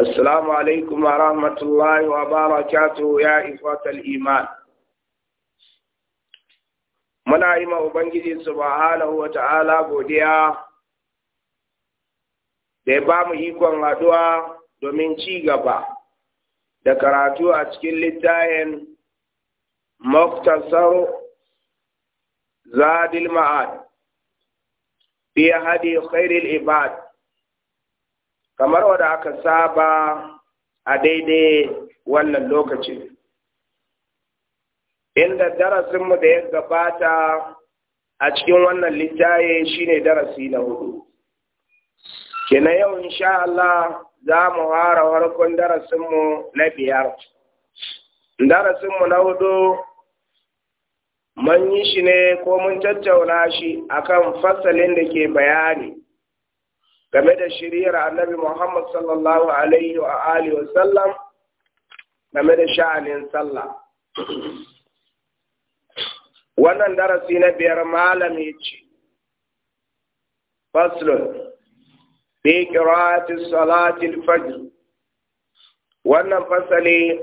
السلام عليكم ورحمة الله وبركاته يا إخوة الإيمان muna yi ma Ubangiji su subhanahu wa ta'ala godiya da ya ba mu ikon haɗuwa domin ci gaba da karatu a cikin littayen muktasar zadil ma'ad fi hadi khairil ibad kamar wadda aka saba a daidai wannan lokaci inda darasinmu da ya gabata a cikin wannan littaye shine darasi na hudu kina yau insha Allah za mu fara farkon darasinmu na biyar darasinmu na hudu mun yi shi ne ko mun tattauna shi akan fasalin da ke bayani game da shiriyar annabi Muhammad sallallahu alaihi wa alihi wa sallam game da sha'anin sallah. Wannan darasi na biyar malami ce, Faslun, fi ƙirati salatil fajr. Wannan fasali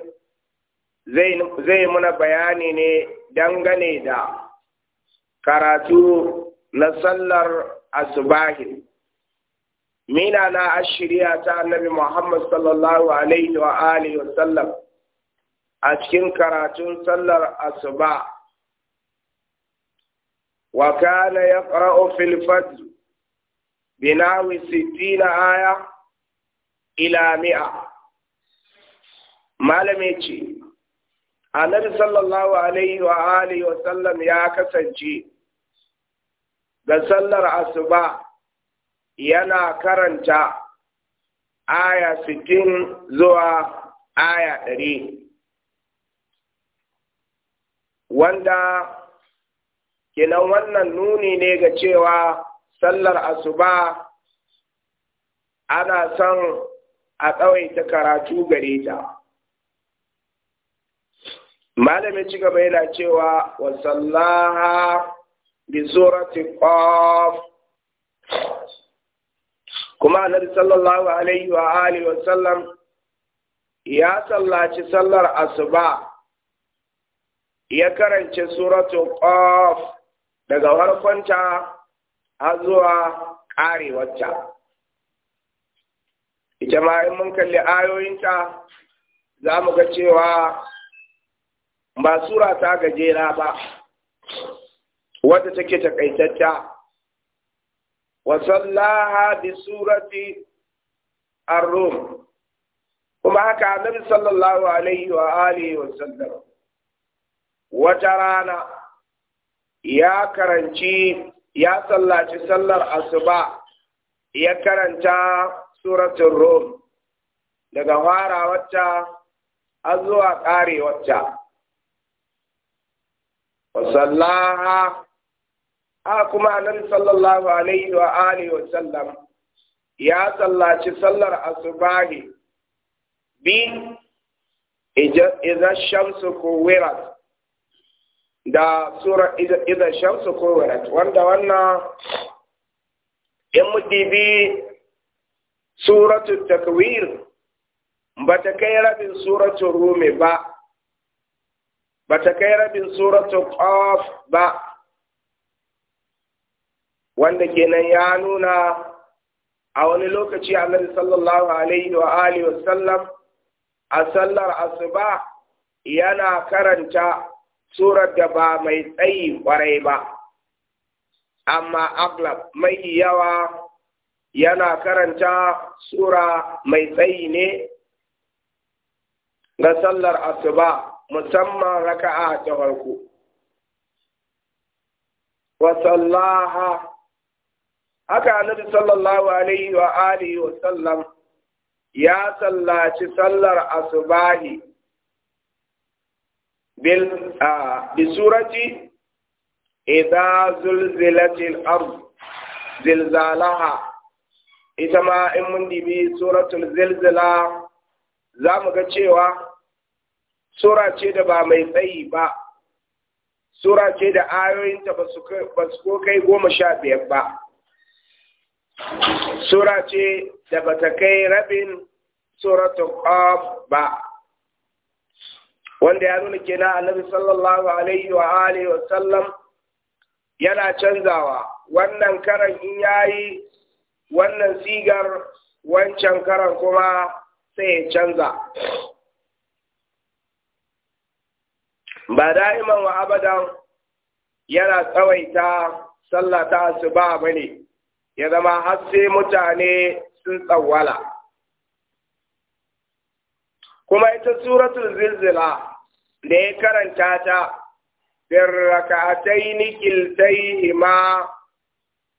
zai muna bayani ne dangane da karatu na sallar asubahin. mina na ashiriya ta annabi Muhammad sallallahu alaihi wa alihi wa sallam a cikin karatun sallar asuba wa kana yaqra'u fil fajr binawi 60 aya ila mi'a malame ce annabi sallallahu alaihi wa alihi wa sallam ya kasance ga sallar asuba yana karanta aya sittin zuwa aya ɗari wanda kenan wannan nuni ne ga cewa sallar asuba ana son a tsawaita karatu gare ta malami ci gaba yana cewa wasallaha bi zuwa qaf kuma annabi sallallahu alaihi wa alihi wa ya sallaci sallar asuba ya karance suratu qaf daga farkonta har zuwa ƙarewarta ita ma in mun kalli ayoyinta za mu ga cewa ba sura ta gajera ba wadda take takaitacce وصلاها بسورة rum. kuma haka annabi sallallahu alaihi wa alihi wa sallam wata rana ya karanci ya sallaci sallar asuba ya karanta suratul rum daga fara wacce an zuwa ƙare wacce wa a kuma nan sallallahu alaihi wa alihi wa sallam ya sallaci sallar asubahi bi idza shamsu kuwirat da sura idza shamsu kuwirat wanda wannan in mudibi suratul takwir bata kai rabin suratul rumi ba bata kai rabin suratul qaf ba wanda kenan ya nuna a wani lokaci annabi sallallahu alaihi wa alihi wasallam a sallar asuba yana karanta surar da ba mai tsayi kwarai ba amma aglab mai yawa yana karanta sura mai tsayi ne ga sallar asuba musamman raka'a ta farko wa sallaha haka annabi sallallahu alaihi wa alihi wa sallam ya sallaci sallar asubahi bil bi surati idza zulzilatil ard zilzalaha ita ma in mun dibi suratul zilzala za mu ga cewa sura ce da ba mai tsayi ba sura ce da ayoyinta ba su ko kai goma sha biyar ba sura ce da bata kai rabin suratul qaf ba wanda ya nuna kenan annabi sallallahu alaihi wa alihi wa sallam yana canzawa wannan karan in yayi wannan sigar wancan karan kuma sai ya canza ba da'iman wa abadan yana tsawaita sallah ta ba ne. ya zama har sai mutane sun tsawala. kuma ita suratul zilzila da ya karanta ta birrakatai nikiltai ma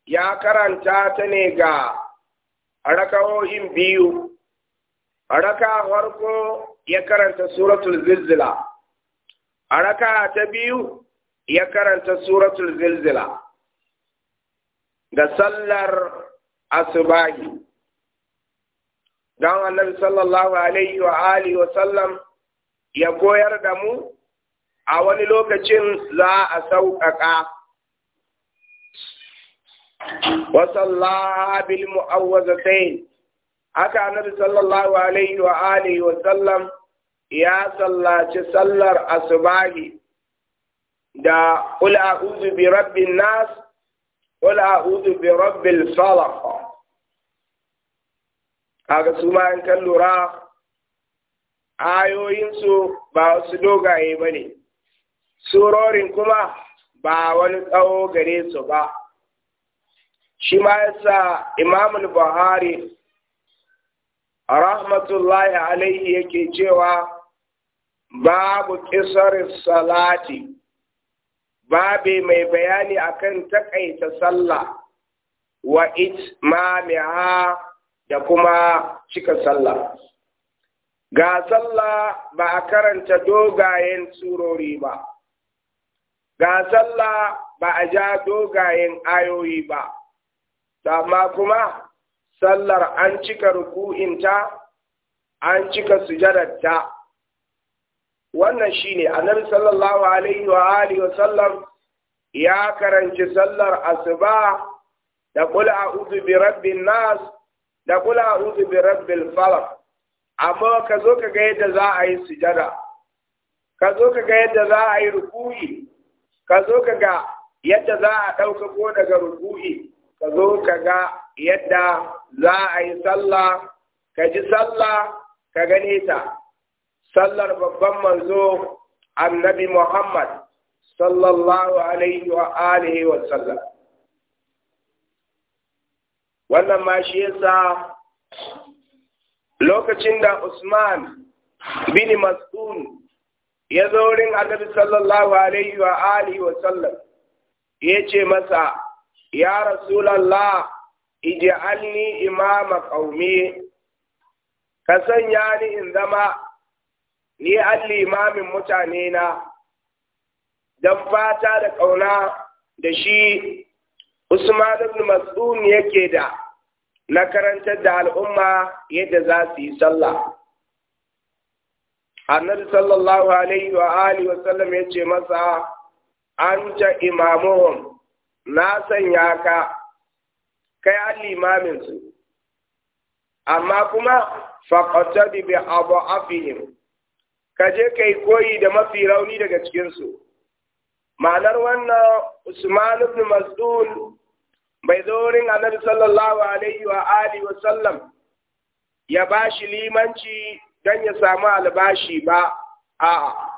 ya karanta ta ne ga rakawoyin biyu raka farko ya karanta suratul zilzila raka ta biyu ya karanta suratul zilzila Da sallar asubahi don annabi sallallahu alaihi wa alihi wa sallam ya koyar da mu a wani lokacin za a sauƙaƙa wasalla bil mu'awwazatain haka annabi sallallahu alaihi wa alihi wa sallam ya sallaci sallar asubahi da qul a'udhu bi rabbin nas qul a'udhu bi rabbil falaq kaga su ma in kan lura ayoyin su ba su dogaye bane surorin kuma ba wani tsawo gare su ba shi ma yasa imamul buhari rahmatullahi alaihi yake cewa babu kisar salati babi mai bayani akan takaita sallah wa itmamiha da kuma cika sallah ga sallah ba a karanta dogayen surori ba ga sallah ba a ja dogayen ayoyi ba amma kuma sallar an cika ruku'inta an cika sujadarta wannan shi shine annabi sallallahu alaihi wa alihi wa sallam ya karanci sallar asuba da qul a'udhu bi rabbin nas da qul a'udhu bi rabbil falaq amma ka zo ka ga yadda za a yi sujada ka zo ka ga yadda za a yi ruku'i ka zo ka ga yadda za a ɗauka ko daga ruku'i ka zo ka ga yadda za a yi sallah ka ji sallah ka gane ta sallar babban manzo annabi Muhammad sallallahu alaihi wa alihi wa sallam wannan ma shi yasa lokacin da Usman bin Mas'ud ya zo wurin annabi sallallahu alaihi wa alihi wa sallam ya ce masa ya rasulallah ij'alni imama qaumi ka sanya ni in zama ni an limamin mutane na don fata da ƙauna da shi Usman ibn Mas'ud yake da na karantar da al'umma yadda za su yi sallah. Annabi sallallahu alaihi wa alihi wa sallam ya ce masa an ta imamuhum na sanya ka kai an limamin su amma kuma faqatabi bi abu afihim ka je ka koyi da mafi rauni daga cikin su ma'anar wannan usman ibn mas'ud bai zo wurin annabi sallallahu alaihi wa alihi wa sallam ya bashi limanci don ya samu albashi ba a'a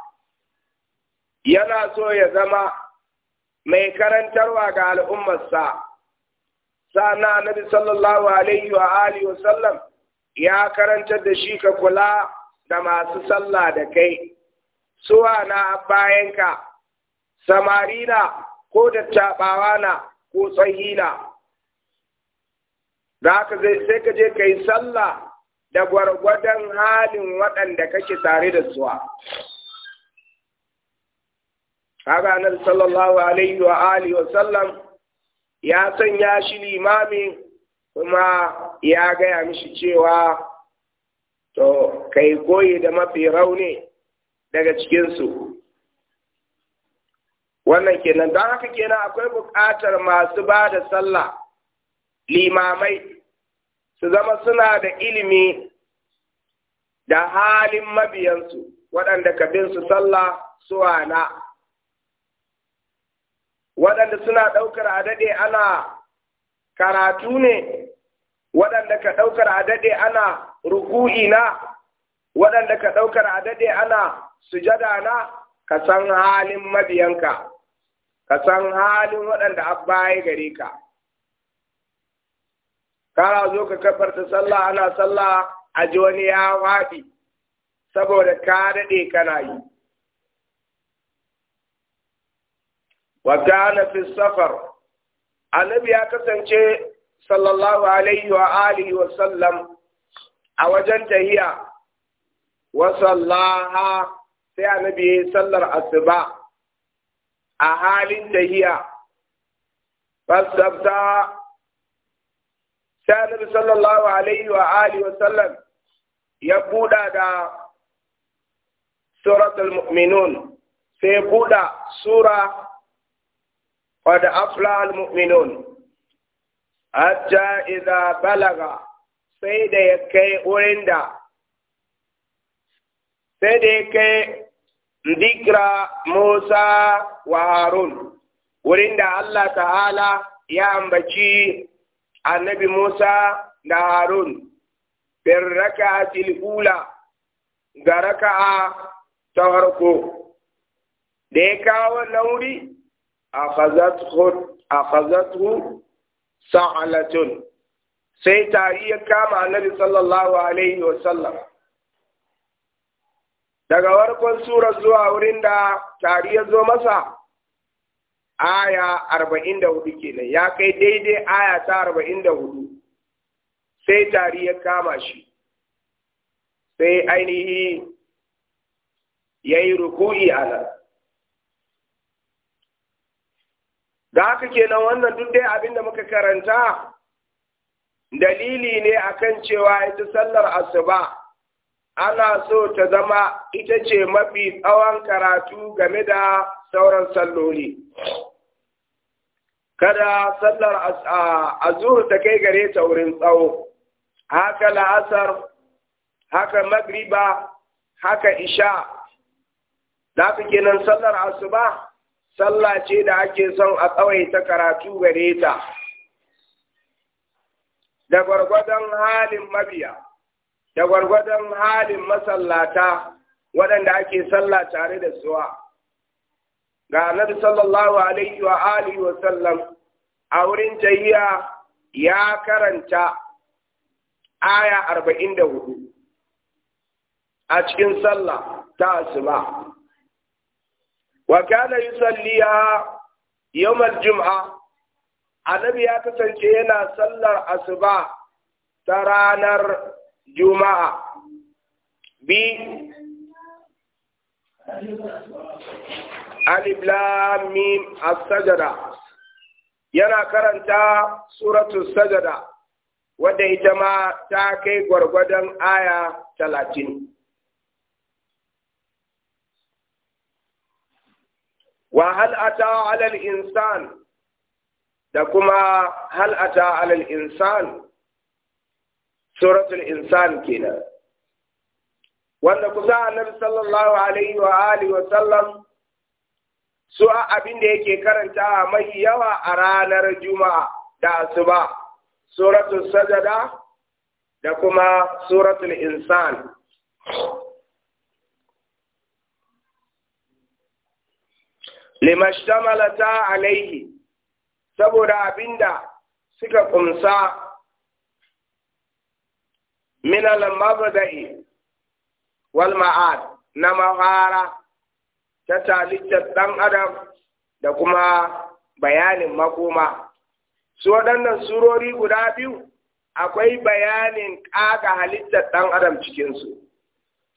yana so ya zama mai karantarwa ga al'ummarsa sana annabi sallallahu alaihi wa alihi wa sallam ya karantar da shi ka kula da masu sallah da kai, suwa na bayanka, samari na ko dattaɓawa na ko tsayi na. Da haka sai ka je ka yi sallah da gwargwadon halin waɗanda kake tare da suwa. Haka annabi sallallahu alaihi wa alihi wa sallam ya sanya shi limami kuma ya gaya mishi cewa to kai koyi da mafi rauni daga cikinsu wannan kenan don haka kenan akwai buƙatar masu ba da sallah limamai su zama suna da ilimi da halin mabiyansu waɗanda ka bin su sallah suwa na waɗanda suna ɗaukar a daɗe ana karatu ne waɗanda ka ɗaukar a daɗe ana ruku'i na waɗanda ka ɗaukar a daɗe ana sujada na ka san halin mabiyanka ka san halin waɗanda an gare ka kara zo ka kafarta sallah ana sallah a ji wani ya waɗi saboda ka daɗe kana yi wa kana fi safar annabi ya kasance sallallahu alaihi wa alihi wa sallam a wajen tahiya wa sallaha sai annabi yayi sallar asuba a halin tahiya fasabta sai annabi sallallahu alaihi wa alihi wa sallam ya buɗa da suratul mu'minun sai buɗa sura qad aflaha al mu'minun hatta idza balaga sai da ya kai wurin da sai da ya kai dikira Musa wa Harun wurin da Allah ta'ala ya ambaci annabi Musa da Harun bin raka tilhula ga raka'a ta farko. da ya kawo nauri a fazatu sa'alatun sai tari ya kama annabi sallallahu alaihi wa sallam daga warkon sura zuwa wurin da tari ya zo masa aya arba'in da hudu kenan ya kai daidai aya ta arba'in da hudu sai tari ya kama shi sai ainihi ya yi ruku'i a nan da haka kenan wannan duk dai abin da muka karanta dalili ne akan cewa ita sallar asuba ana so ta zama ita ce mafi tsawon karatu game da sauran salloli kada sallar Azur ta kai gare ta wurin tsawo haka la'asar haka magriba haka isha da kenan sallar asuba sallah ce da ake son a tsawaita karatu gare ta da gwargwadon halin mabiya da gwargwadon halin masallata waɗanda ake sallah tare da suwa ga annabi sallallahu alaihi wa alihi wa sallam a wurin jahiya ya karanta aya arba'in da hudu a cikin sallah ta asuba wa kana yau yawmal jum'a Anabi ya kasance yana sallar asuba ta ranar juma'a bi alif lam sajada yana karanta suratu sajada wadda ita ma ta kai gwargwadon aya talatin. Wa hal ata alal insan da kuma hal ata alal insan suratul insan kenan wanda kusa annabi sallallahu alaihi wa alihi wa sallam su abin da yake karanta mai yawa a ranar juma'a da asuba suratul sajada da kuma suratul insan limashtamalata alaihi saboda abinda suka kumsa al mabda'i wal ma'ad na mahara ta talittar ɗan adam da kuma bayanin makoma su waɗannan surori guda biyu akwai bayanin ƙaga halittar ɗan adam cikinsu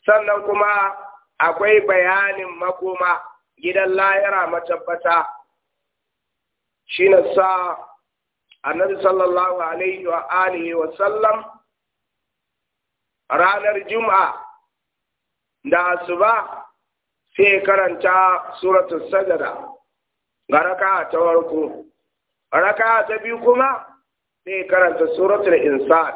sannan kuma akwai bayanin makoma gidan layara matabbata shi na sa annabi sallallahu alaihi wa alihi wa sallam ranar juma'a da asuba sai karanta suratun sajada ga raka ta farko raka ta biyu kuma sai karanta suratul insan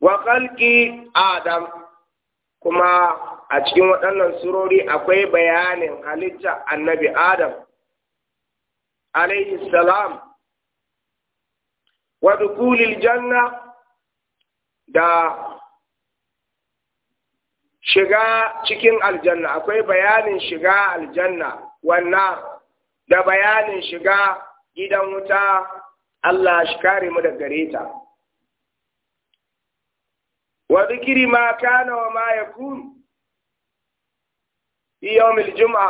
wa khalqi adam kuma a cikin waɗannan surori akwai bayanin halitta annabi Adam, alaihi salam, wa dukulil janna da shiga cikin aljanna, akwai bayanin shiga aljanna wannan da bayanin shiga gidan wuta Allah shi kare mu da gare ta. Wa zikiri ma kana wa ma yakun fi yawmil jum'a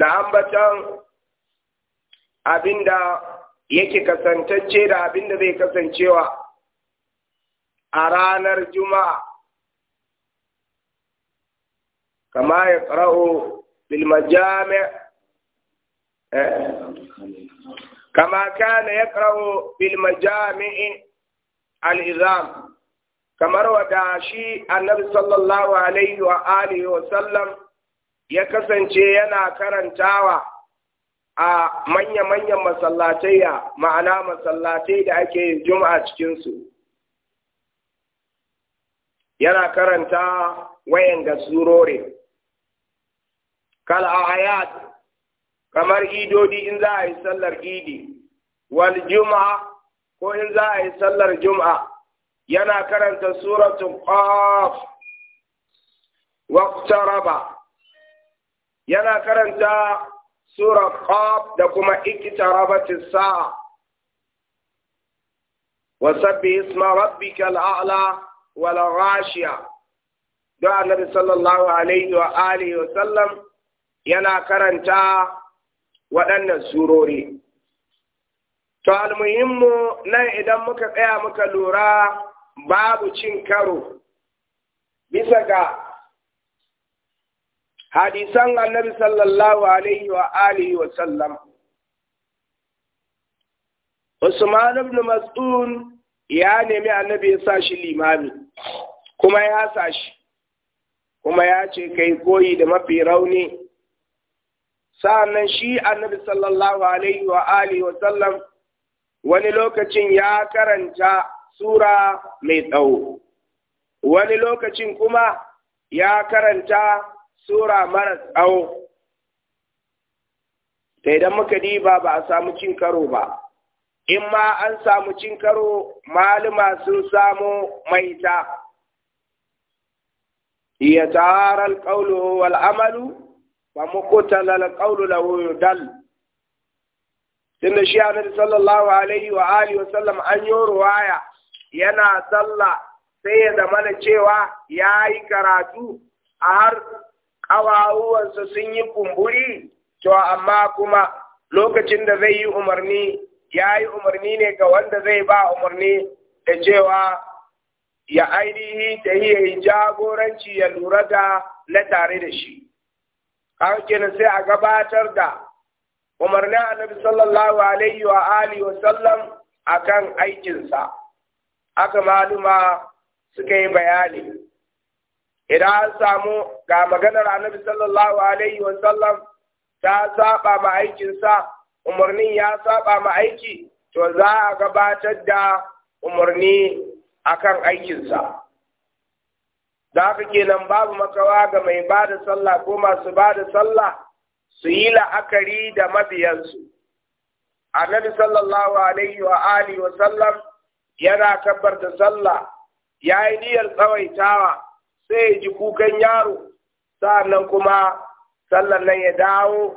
da ambatan abinda yake kasantacce da abinda zai kasancewa a ranar juma'a kama ya ƙara'o bilmajami eh, kama kana ya ƙara'o bilmajami'in al'izam kamar wada shi annabi sallallahu alaihi wa alihi wa sallam ya kasance yana karantawa a manya-manyan ya ma'ana masallatai da ake yin juma'a cikinsu yana karanta wayan da surore kal ayat kamar idodi in za a yi sallar idi wal juma'a ko in za a yi sallar juma'a yana karanta suratul qaf waqtaraba yana karanta sura qaf da kuma iktarabatis sa'a wa sabbi isma rabbikal a'la wal ghashiya da annabi sallallahu alaihi wa alihi wa sallam yana karanta waɗannan surori to almuhimmu nan idan muka tsaya muka lura babu cin karo bisa ga hadisan annabi sallallahu alaihi wa alihi wa sallam Usman ibn Mas'ud ya nemi annabi ya sa shi limami kuma ya sa shi kuma ya ce kai koyi da mafi rauni sa'annan shi annabi sallallahu alaihi wa alihi wa sallam wani lokacin ya karanta sura mai tsawo wani lokacin kuma ya karanta sura mara tsawo da idan muka diba ba a samu cin karo ba in ma an samu cin karo malama sun samu maita ya tara alƙaulu wal amalu ba mu kutala alƙaulu lahu dal tunda shi annabi sallallahu alaihi wa alihi wa sallam an yi ruwaya yana sallah sai ya zama cewa ya yi karatu a har ƙawawuwansu sun yi kumburi to amma kuma lokacin da zai yi umarni ya yi umarni ne ga wanda zai ba umarni da cewa ya ainihi ta yi jagoranci ya lura da na tare da shi kenan sai a gabatar da umarni umarnin Nabi sallallahu alaihi wa alihi wa sallam akan aikinsa aka maluma suka yi bayani idan an samu ga maganar annabi sallallahu alaihi wa sallam ta saba ma sa umarnin ya saba ma aiki to za a gabatar da umarni akan aikinsa da haka kenan babu makawa ga mai bada da sallah ko masu bada sallah su yi la'akari da mabiyansu annabi sallallahu alaihi wa alihi wa sallam yana tabbar da sallah ya yi niyyar tsawaitawa sai ya ji kukan yaro nan kuma sallar nan ya dawo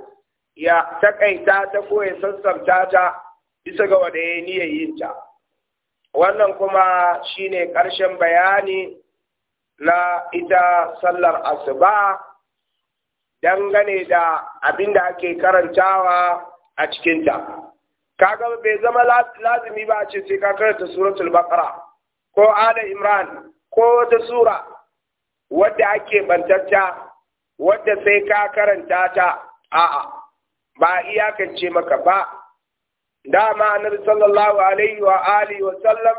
ya takaita ta ko ya sassarta ta bisa ga wanda ya niyyar yin ta wannan kuma shine ƙarshen bayani na ita sallar asuba dangane da abin da ake karantawa a cikinta kaga bai zama lazumi ba a ce sai ka karanta suratul baqara ko ala imran ko wata sura wadda ake bantacca wadda sai ka karanta ta a'a ba iyakance maka ba dama annabi sallallahu alaihi wa alihi wa sallam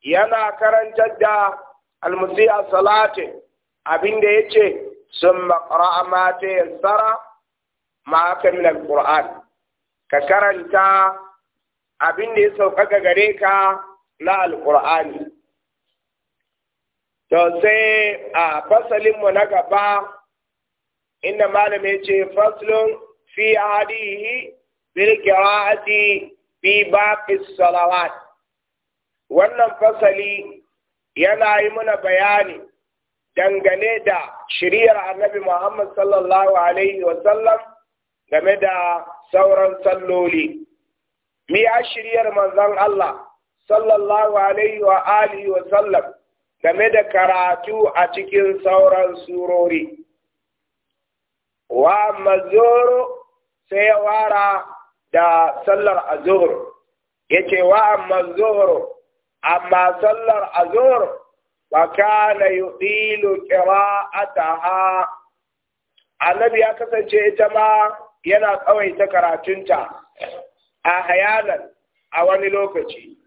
yana karantar da almusiya salati da yace summa qara'a ma yassara ma ka min alquran ka karanta abin da ya sauƙaƙa gare ka na alqur'ani to sai a mu na gaba inda malam ya ce faslun fi hadihi bil qira'ati bi baqi salawat wannan fasali yana yi mana bayani dangane da shiriyar annabi Muhammad sallallahu alaihi wa sallam game da sauran salloli mi a shiriyar manzan Allah sallallahu alaihi wa alihi wa sallam game da karatu a cikin sauran surori wa mazuru sai ya wara da sallar azhur yace wa mazuru amma sallar azhur wa kana yudilu qira'ataha annabi ya kasance ita ma yana tsawaita karatunta a hayanan a wani lokaci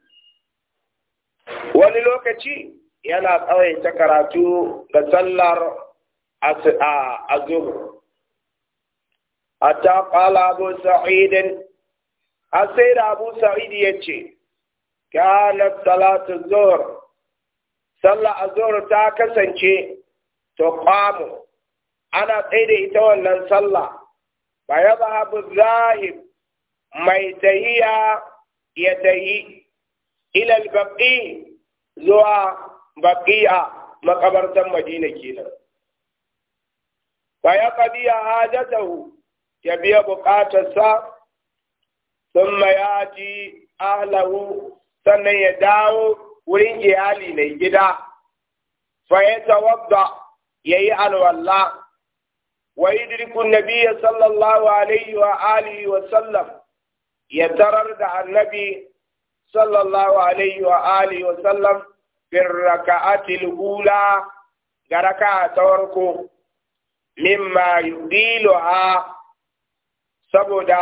wani lokaci yana ta karatu ga sallar azhur hatta qala abu sa'id asai da abu sa'id ce. kana Talatu zuhr sallah azhar ta kasance tuqamu ana tsaida ita wannan sallah fa babu zahib mai tahiya ya tahi ila al-baqi zuwa baqiya makabartan madina kenan ya yaqdi hajatahu ya biya buƙatarsa sun mayaji ahlahu sannan ya dawo wurin iyali mai gida fa ya tawadda ya yi alwalla wa dirkun Nabiya sallallahu alaihi wa alihi wa sallam ya tarar da annabi sallallahu alaihi wa alihi wa sallam bin raka'atil ula ga raka'a ta farko mimma ha saboda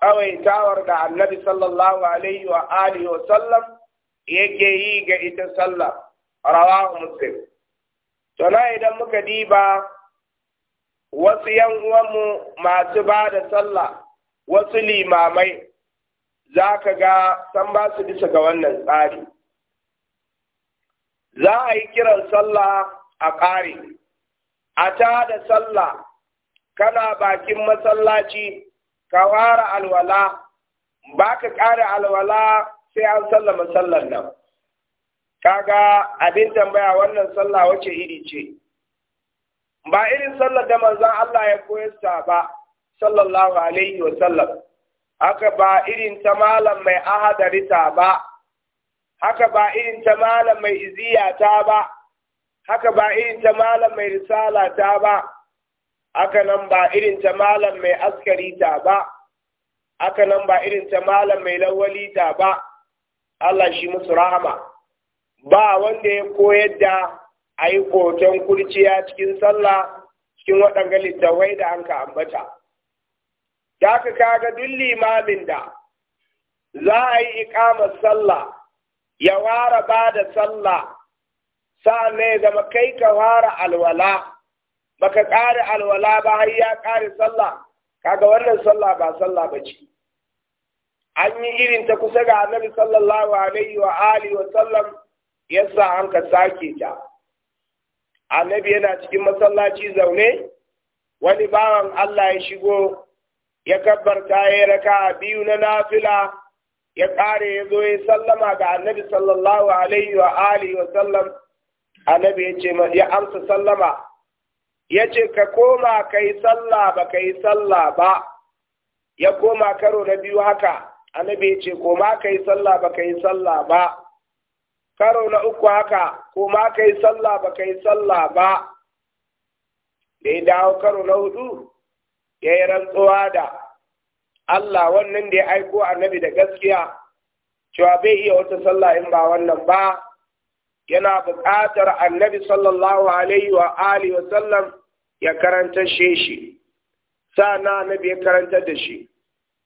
tsawaitawar da annabi sallallahu alaihi wa alihi wa sallam yake yi ga ita sallah rawahu muslim to na idan muka diba wasu yan uwanmu masu ba da sallah wasu limamai za ka ga san ba su bisa ga wannan tsari za a yi kiran sallah a ƙari a ta da sallah kana bakin masallaci ka fara alwala ba ka ƙara alwala sai an sallama sallar nan kaga abin tambaya wannan sallah wace iri ce ba irin sallar da manzon Allah ya koyarsa ba sallallahu alaihi wa sallam haka ba irin ta malam mai ahadarita ba haka ba irin ta malam mai iziya ta ba haka ba irin ta malam mai risala ta ba aka nan ba irin ta malam mai askari ta ba aka nan ba irin ta malam mai lawali ta ba Allah shi musu rahama ba wanda ya koyar da a yi koton kurciya cikin sallah cikin waɗanga littawai da an ka ambata da ka kaga duk limamin da za a yi ikamar sallah ya ware bada da sallah sa'an ne zama kai ka ware alwala baka ƙare alwala ba har ya ƙare sallah kaga wannan sallah ba sallah ba ce an yi irin ta kusa ga annabi sallallahu alaihi wa alihi wa sallam yasa an ka sake ta annabi yana cikin masallaci zaune wani bawan Allah ya shigo ya kabbarta ya raka biyu na nafila ya ƙare ya zo ya sallama ga annabi sallallahu alaihi wa alihi wa sallam annabi ya ce ya amsa sallama ya ce ka koma ka yi sallah ba ka yi sallah ba ya koma karo na biyu haka annabi ya ce koma ka yi sallah ba ka yi sallah ba karo na uku haka koma ka yi sallah ba ka yi sallah ba da ya dawo karo na hudu ya yi rantsuwa da Allah wannan da ya aiko annabi da gaskiya cewa bai iya wata sallah in ba wannan ba yana buƙatar annabi sallallahu alaihi wa alihi wa sallam ya karanta shi Sa na na ya karanta da shi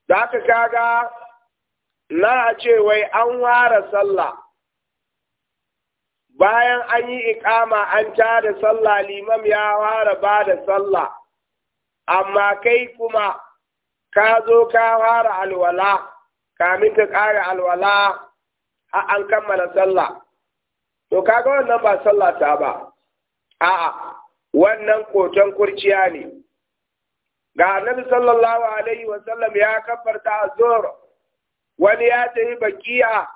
da kaga na a ce wai an ware sallah bayan an yi ikama an tada sallah limam ya ware ba da sallah amma kai kuma ka zo ka ware alwala kamin ka kare alwala a an kammala sallah to kaga wannan ba sallah ta ba a'a wannan koton kurciya ne ga annabi sallallahu alaihi wasallam ya kafarta azur wani ya tafi bakiya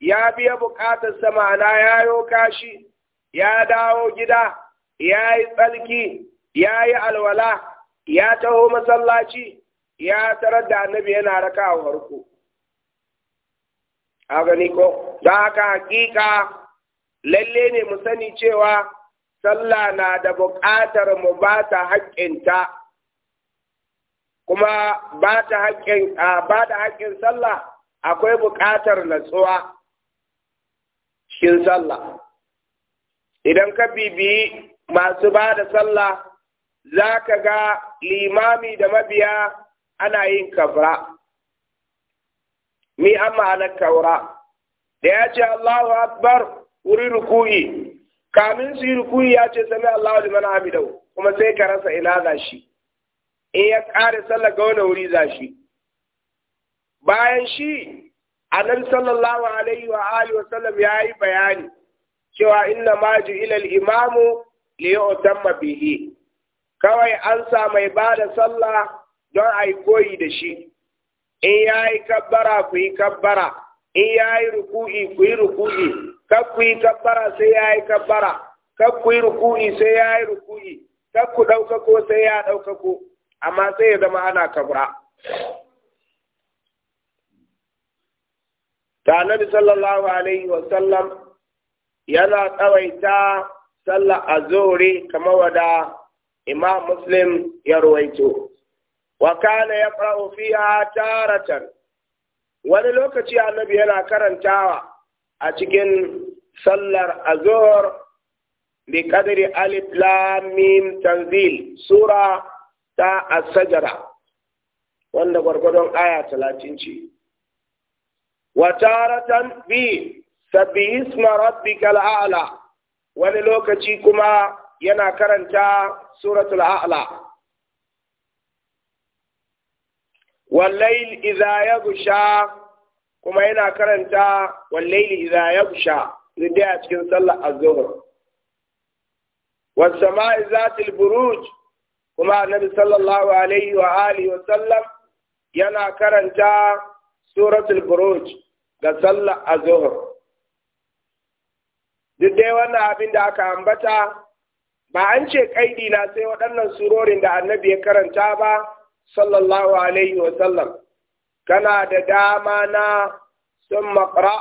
ya biya bukatar samana ya yo kashi ya dawo gida ya yi tsalki ya yi alwala ya taho masallaci ya tarar da annabi yana raka a farko a gani ko da haka hakika lalle ne mu sani cewa sallah na da buƙatar mu ba ta haƙƙinta kuma ba ta haƙƙin ba da haƙƙin sallah akwai buƙatar natsuwa shin salla idan ka bibiyi masu ba da sallah za ka ga limami da mabiya ana yin kabra mi amma na kaura da ya ce Allahu akbar wuri ruku'i kamin su yi rukuni ya ce sami allah Allahu liman hamidau kuma sai ka rasa ina za shi in ya ƙare sallah ga wani wuri za shi bayan shi annabi sallallahu alaihi wa alihi wa sallam ya yi bayani cewa inna ma ju'ila al-imamu li yu'tamma bihi kawai an sa mai ba da sallah don a yi koyi da shi in ya yi kabbara ku yi kabbara Iyayi ruku'i kuyi ruku'i kar kuyi kabbara sai yayi kabbara kar kuyi ruku'i sai yayi ruku'i kar ku ɗaukako sai ya ɗaukako amma sai ya zama ana kabra ta annabi sallallahu alaihi wa sallam yana tsawaita sallar azuri kamar wada imam muslim ya ruwaito wa kana yaqra'u fiha taratan wani lokaci annabi yana karantawa a cikin sallar azhar bi kadri alif lam mim tanzil sura ta as-sajara wanda gwargwadon aya talatin ce wa taratan bi sabbi isma rabbikal a'la wani lokaci kuma yana karanta suratul a'la wallail idza yaghsha kuma yana karanta wallail idza yaghsha da a cikin sallar az-zuhr was sama'i buruj kuma annabi sallallahu yana karanta suratul buruj ga sallar a zuhur. duk wannan abin da aka ambata ba an ce kaidi na sai waɗannan surorin da annabi ya karanta ba sallallahu alaihi wa sallam kana da dama na sun makara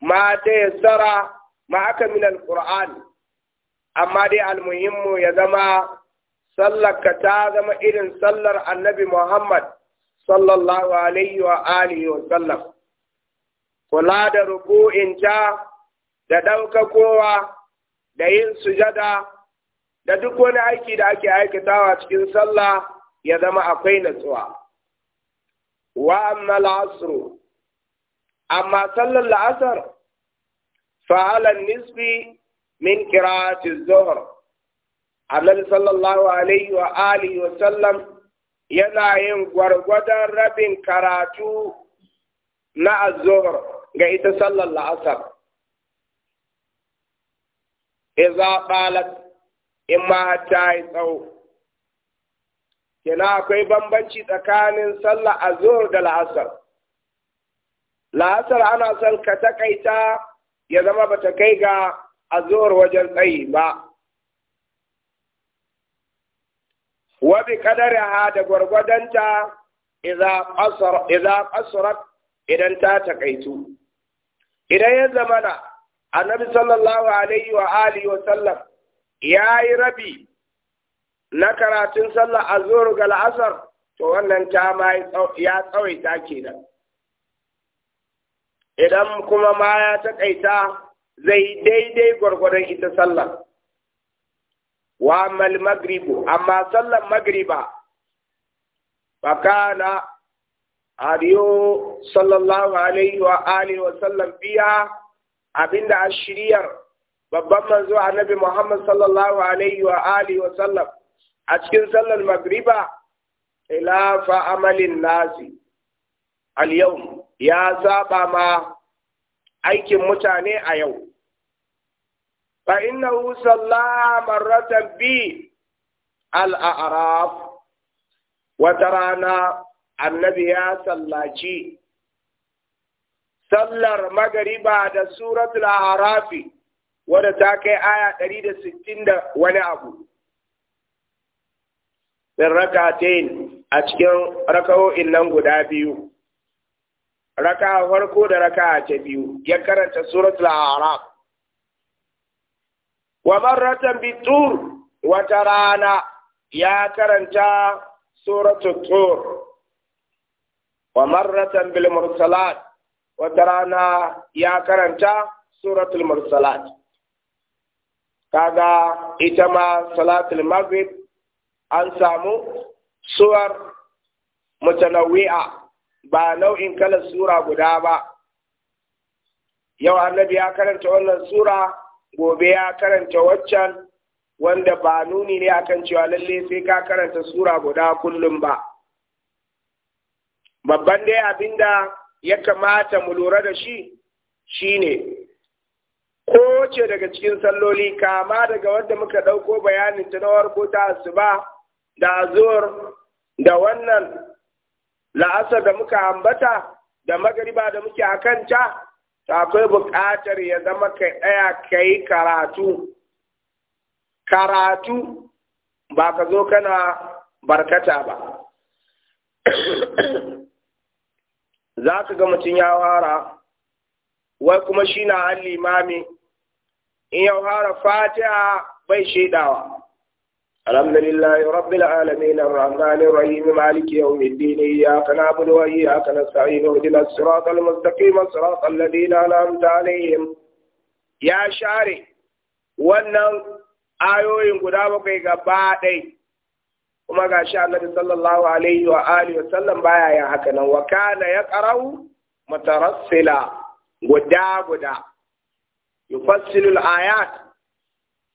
ma ta yassara ma aka min alƙur'ani amma dai almuhimmu ya zama sallarka ta zama irin sallar annabi muhammad sallallahu alaihi wa alihi wa sallam kula da ta da ɗaukakowa da yin sujada da duk wani aiki da ake aikatawa cikin sallah ya zama akwai natsuwa wa amma al'asru amma sallar la'asar fa'ala nisbi min qira'ati zuhr annabi sallallahu alaihi wa alihi wa sallam yana yin gwargwadon rabin karatu na azzur ga ita sallar la'asar iza qalat imma ta yi tsawo kena akwai bambanci tsakanin sallah azhur da la'asar la'asar ana son ka takaita ya zama ba ta kai ga azhur wajen tsayi ba wa bi qadariha da gwargwadonta idza qasar idza qasarat idan ta takaitu idan ya na annabi sallallahu alaihi wa alihi wa sallam yayi rabi na karatun a azhur ga la'asar to wannan ta ma ya tsawaita kenan idan kuma ma ya taƙaita zai daidai gwargwadon ita sallar wa mal magribu amma sallar magriba fakana ariyo sallallahu alaihi wa alihi wa sallam biya abinda a shiryar babban manzo annabi muhammad sallallahu alaihi wa alihi wa sallam a cikin sallar magriba khilafa amalin nasi al yau ya saba ma aikin mutane a yau fa innahu salla marratan bi al wata rana annabi ya sallaci sallar magariba da surat arafi wadda ta kai aya ɗari da sittin da wani abu bin raka'atain a cikin raka'o'in nan guda biyu raka'a farko da raka ta biyu ya karanta suratul a'raf wa marratan bitur wata rana ya karanta suratul tur wa marratan bil mursalat wata rana ya karanta suratul mursalat kaga ita ma salatul maghrib an samu suwar mutanawwi'a ba nau'in kalar sura guda ba yau annabi ya karanta wannan sura gobe ya karanta waccan wanda ba nuni ne akan cewa lalle sai ka karanta sura guda kullum ba babban dai abinda ya kamata mu lura da shi shine ko ce daga cikin salloli kama daga wanda muka ɗauko bayanin ta na farko ta asuba da zuwar da wannan la'asar da muka ambata da magariba da muke a kanta to akwai buƙatar ya zama ka ɗaya ka yi karatu karatu ba ka zo kana barkata ba za ka ga mutum ya wara wai kuma shi na an limami in ya fara fatiha bai shaidawa الحمد لله رب العالمين الرحمن الرحيم مالك يوم الدين إياك نعبد وإياك نستعين اهدنا الصراط المستقيم الذين أنعمت عليهم يا شاري wannan ayoyin guda bakwai kuma ga shi annabi baya ya haka nan wa kana ya guda guda yufassilul ayat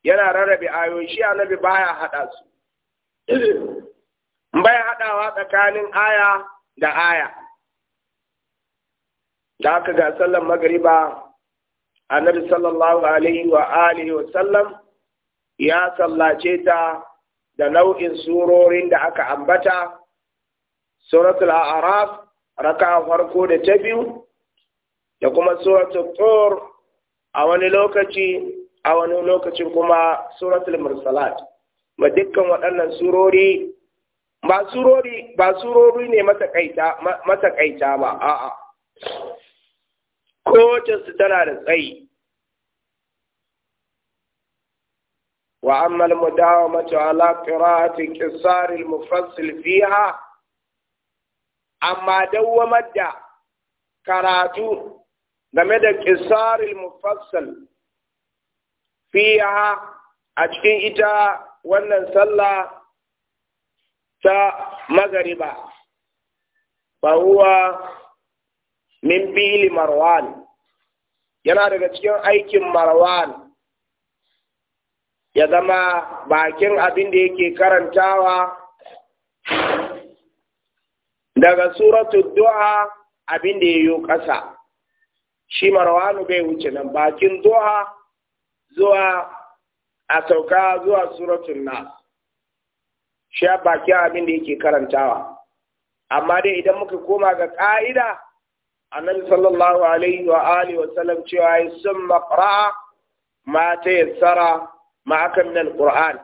yana rarrabe ayoyi shi annabi baya hada su baya hadawa tsakanin aya da aya da aka ga sallan magriba annabi sallallahu alaihi wa alihi wa sallam ya sallace ta da nau'in surorin da aka ambata suratul a'raf raka farko da ta biyu da kuma suratul tur a wani lokaci a wani lokacin kuma suratul mursalat ma dukkan waɗannan surori ba surori ba surori ne matakaita ba a'a kowace su tana da tsayi wa amma al ala qira'ati qisar al fiha amma dawwamar da karatu game da qisar al-mufassal fiya a cikin ita wannan sallah ta magariba Ba huwa min bili marwan yana daga cikin aikin marwan ya zama bakin abin da yake karantawa daga suratu du'a abin da ya yi ƙasa shi marwanu bai wuce nan bakin du'a zuwa a sauka zuwa suratun nas shi ya baki abin da yake karantawa amma dai idan muka koma ga ƙa'ida annabi sallallahu alaihi wa alihi wa sallam cewa ya sun maƙra'a ma ta yassara ma aka min alquran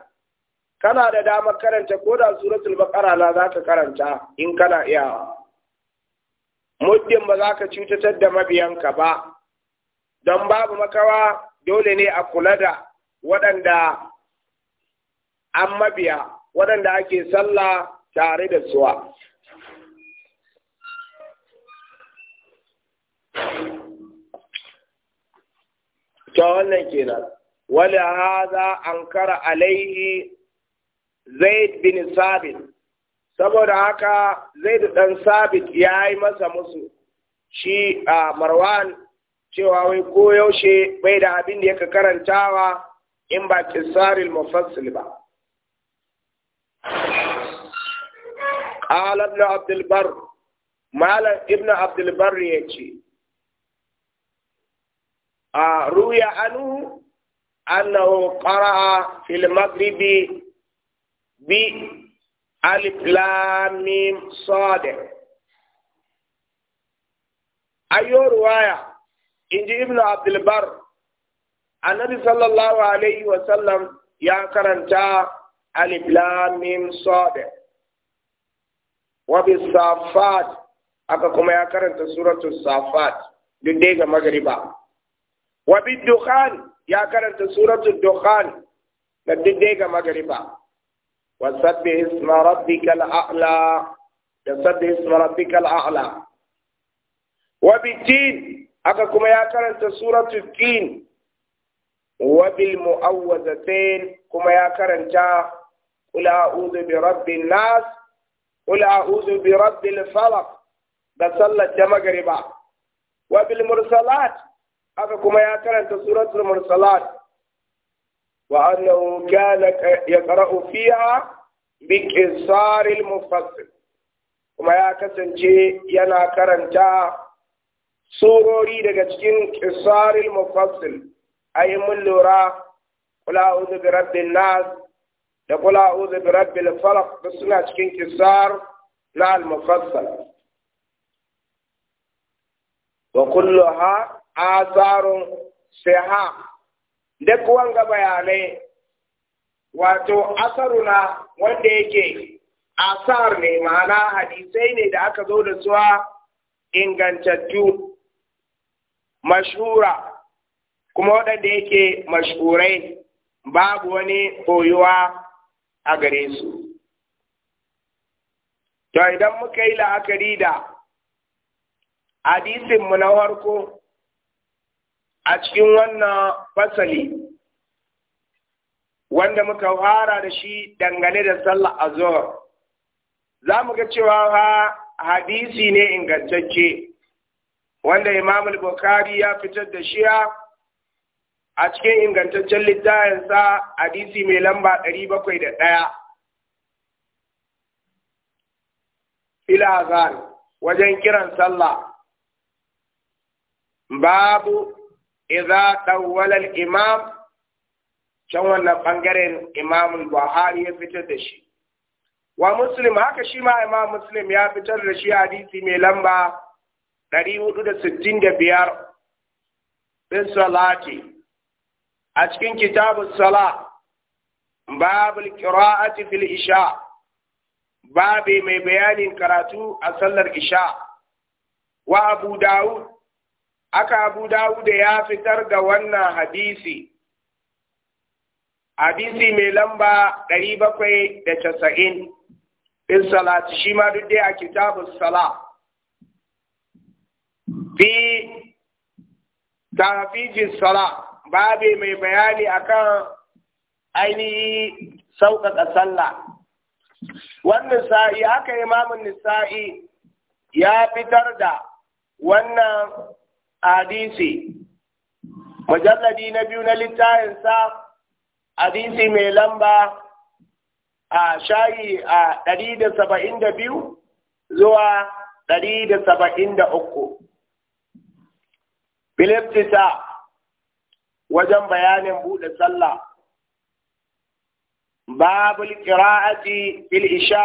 kana da damar karanta ko da suratul baqara la za ka karanta in kana iyawa muddin ba za ka cutatar da mabiyanka ba don babu makawa dole ne a kula da waɗanda an mabiya waɗanda ake sallah tare da suwa. Ta wannan kenan, Wani haza an kara alaihi Zaid bin Sabit, saboda haka Zaid ɗan Sabit ya yi masa musu, shi a Marwan cewa wai ko yaushe bai da abin da yake karantawa in ba tsari mufassil ba قال ابن عبد البر مال ابن عبد البر يجي روي عنه أنه قرأ في المغرب ب ألف لام صادق أي رواية in ji ibn abdulbar annabi sallallahu alaihi wasallam ya karanta alif lam mim sad wa bisafat aka kuma ya karanta suratul safat duk dai ga magriba wa bidukhan ya karanta suratul dukhan da duk dai ga magriba wa sabbih isma rabbikal a'la da sabbih isma rabbikal a'la wa bitin haka kuma ya karanta suratul tin wa bil mu'awwadatain kuma ya karanta qul a'udhu bi rabbin nas qul a'udhu bi rabbil falaq da sallar da magriba wa bil mursalat haka kuma ya karanta suratul mursalat wa annahu kana yaqra'u fiha bi qisaril mufassir kuma ya kasance yana karanta surori daga cikin kisaril a ayi mun lura kula a'udhu bi rabbin nas da kula a'udhu bi rabbil falaq da suna cikin kisar na al mufassal wa kulluha asarun siha duk wanga bayanai wato asaruna wanda yake asar ne ma'ana hadisai ne da aka zo da suwa ingantattu mashura kuma waɗanda yake mashurai babu wani koyuwa a gare su. To idan muka yi la'akari da hadisinmu na farko a cikin wannan fasali wanda muka fara da shi dangane da sallah azhar za mu ga cewa ha hadisi ne ingantacce. wanda Imam al-Bukhari ya fitar da shi a cikin ingantaccen littafinsa hadisi mai lamba 701 ila azan wajen kiran sallah babu idza tawwala al-imam can wannan bangaren Imam Buhari ya fitar da shi wa Muslim haka shi ma Imam Muslim ya fitar da shi hadisi mai lamba ɗari hudu da sittin da biyar bin salati a cikin kitabun sala babul qira'ati fil isha babi mai bayanin karatu a sallar isha wa abu dawud aka abu dawud ya fitar da wannan hadisi hadisi mai lamba ɗari bakwai da casa'in bin salati shi ma duk dai a kitabun sala fi tafijin sala babe mai bayani akan ainihi sauƙaƙa sallah wannan sa'i haka imamun nisa'i ya fitar da wannan hadisi mujalladi na biyu na sa hadisi mai lamba a shayi a ɗari da saba'in da biyu zuwa ɗari da saba'in da uku filiftita wajen bayanin buɗe sallah babul ƙira'ati fil isha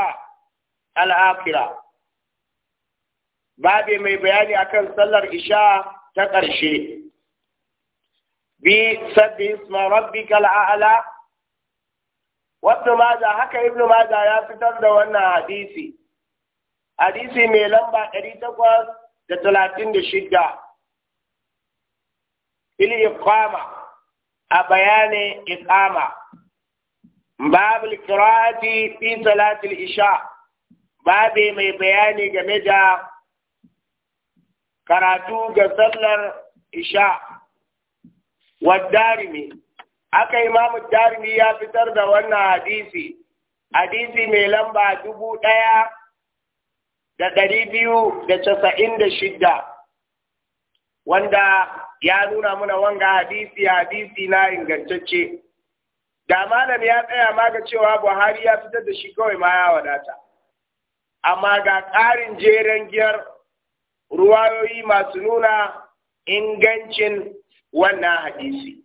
al'akira babe mai bayani akan sallar isha ta ƙarshe bi sabbi isma rabbika al'a'la Wasu maza haka ibnu maza ya fitar da wannan hadisi hadisi mai lamba ɗari takwas da talatin da shida. fil iqama a bayanin iqama babul qira'ati fi salatil isha babe mai bayani game da karatu ga sallar isha wa aka imamu darimi ya fitar da wannan hadisi hadisi mai lamba dubu ɗaya da ɗari biyu da casa'in da shida. wanda ya nuna mana wanga hadisi hadisi na ingantacce da malam ya tsaya ma ga cewa Buhari ya fitar da shi kawai ma ya wadata amma ga ƙarin jeren giyar ruwayoyi masu nuna ingancin wannan hadisi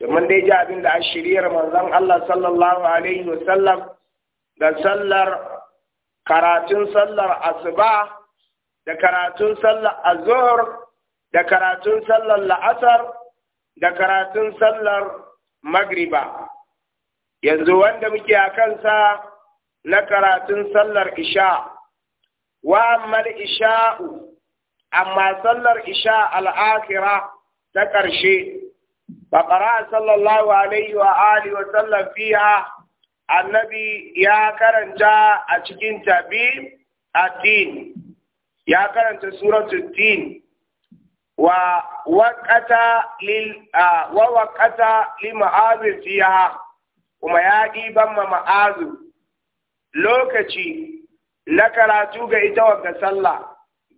domin dai ji abin da a manzon Allah sallallahu alaihi wasallam da sallar karatun sallar asuba da karatun sallar azhar da karatun sallar la'asar da karatun sallar magriba yanzu wanda muke a kansa na karatun sallar isha wa ammal isha'u amma sallar isha al'akira ta ƙarshe faƙara sallallahu alaihi wa alihi wa sallam fiha annabi ya karanta a cikin tabi addini ya karanta suratul din wa waƙata li ma'azin kuma ya ɗiban ma ma'azu lokaci na karatu ga ita wadda sallah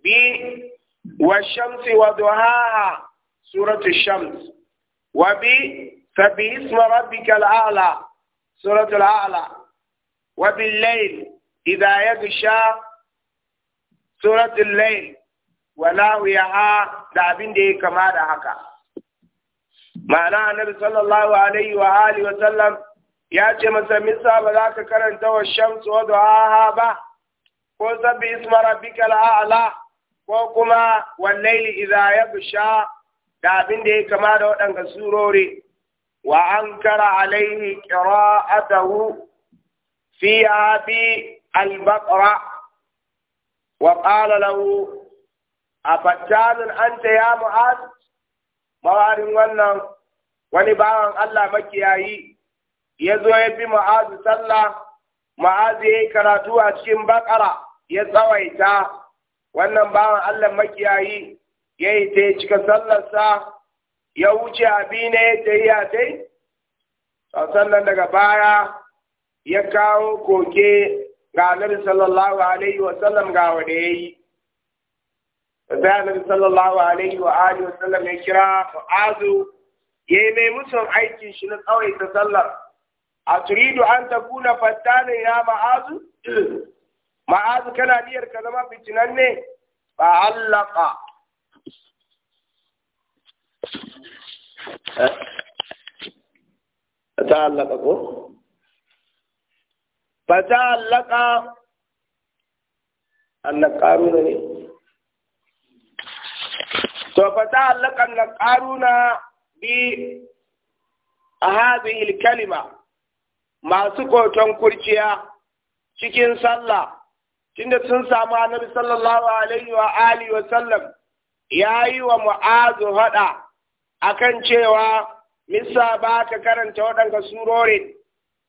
bi wa shamsi wa duhaha suratu shams wa bi sabi isma rabbika al'ala suratu al'ala wa bil layl idha yaghsha suratu al-layl wala ha da abin da ya kama da haka ma'ana annabi sallallahu alaihi wa alihi wa sallam ya ce masa misa ba za ka karanta wa shamsu wa duhaha ba ko sabbi isma rabbika a'la ko kuma wallaili idza yabsha da abin da ya kama da waɗanda surori wa ankara alaihi qira'atahu fi abi al-baqra wa qala lahu a an ta ya mu'ad mawarin wannan wani bawan Allah makiyayi ya zo ya bi mu'ad sallah mu'ad ya yi karatu a cikin bakara ya tsawaita wannan bawan Allah makiyayi ya yi ta cika sallarsa ya wuce abi ne ya ta yi a tai sannan daga baya ya kawo koke ga annabi sallallahu alaihi wasallam ga wanda ya yi sai annabi sallallahu alaihi wa alihi wasallam ya kira mu'azu yayi mai musun aikin shi na tsawaita sallar a turidu an takuna fattana ya ma'azu ma'azu kana niyyar ka zama fitinan ne fa allaka fata'allaka ko fata'allaka annaqaruna ne وفتعلق النقارون بهذه الكلمة ما سكو تنكرتيا cikin sallah tunda sun samu annabi sallallahu alaihi wa alihi wa sallam ya yi wa mu'azu hada akan cewa misa ba ka karanta waɗanda surorin